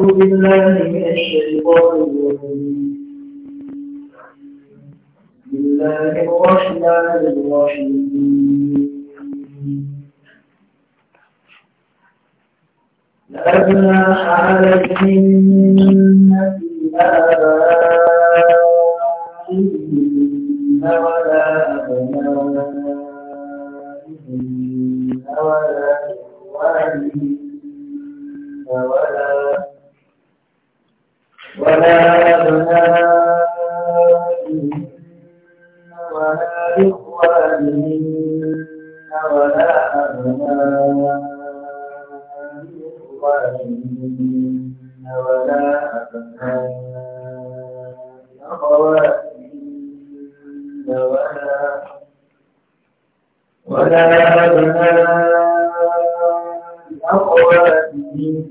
أعوذ بالله من الشيطان الرجيم بسم الله الرحمن الرحيم لا جناح عليهن في آبائهن ولا أبنائهن ولا إخوانهن ولا ولا أبنائهن ولا إخوانهن ولا أبناء إخوانهن ولا أبناء أخواتهن ولا ولا أبناء أخواتهن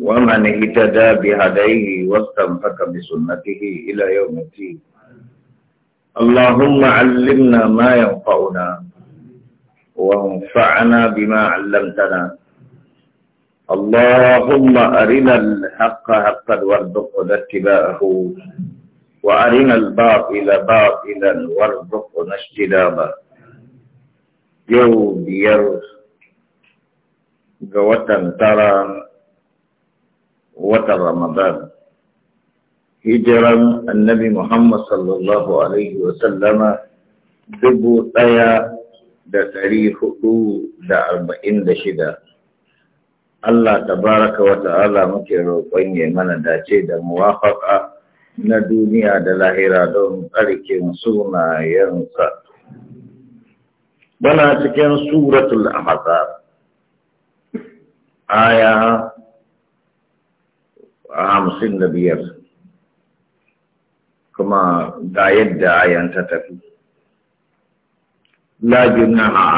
ومن اهتدى بهديه واستنفق بسنته إلى يوم الدين اللهم علمنا ما ينفعنا وانفعنا بما علمتنا اللهم أرنا الحق حقا وارزقنا اتباعه وأرنا الباطل باطلا وارزقنا اجتنابه يوم يرث قوة ترى watan Ramadan. Hijiran annabi Muhammad sallallahu Alaihi wasallama dubu ɗaya da ɗari hudu da arba'in da shida. Allah tabaraka wa ta'ala muke roƙon ya mana dace da muwafaƙa na duniya da lahira don tsarkin sunayensa. Bana cikin suratul Ahzab aya hamsin da biyar kuma ga yadda ayan ta tafi a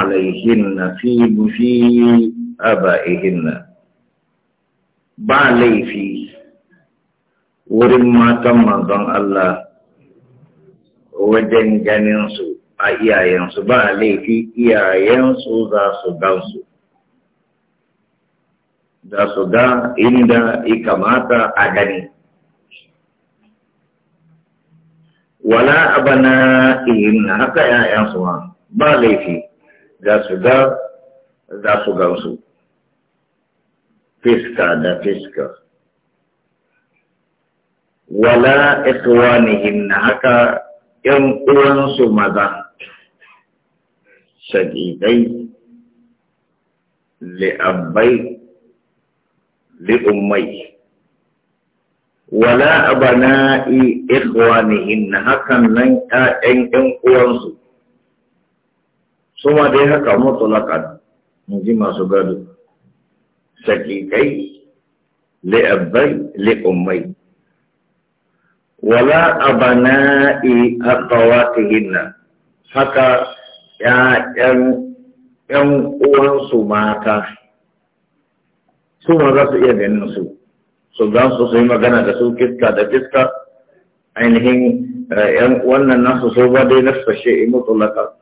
alaihin na fi a ba'ihin na ba laifi wurin matan manzon Allah wajen ganinsu a iyayensu ba laifi iyayensu za su gansu da su ga inda ya kamata a gani wala abana ihin haka ‘ya'yansu suwa ba laifi Ga su ga za su gansu fiska da fiska wala ikhwanihim na haka ‘yan uwansu maza shagigai li'abbai لأمي ولا أبناء إخوانهن هكذا لن أن أنسوا suma dai haka mutlaƙan in ji masu gado sakikai li'abbai li'ummai wala abana'i aqawatihinna haka ya'yan 'yan uwansu mata su ma za su iya ganin su su za su su yi magana da su fiska da fiska ainihin eh, wannan nasu so ba dai na fashe in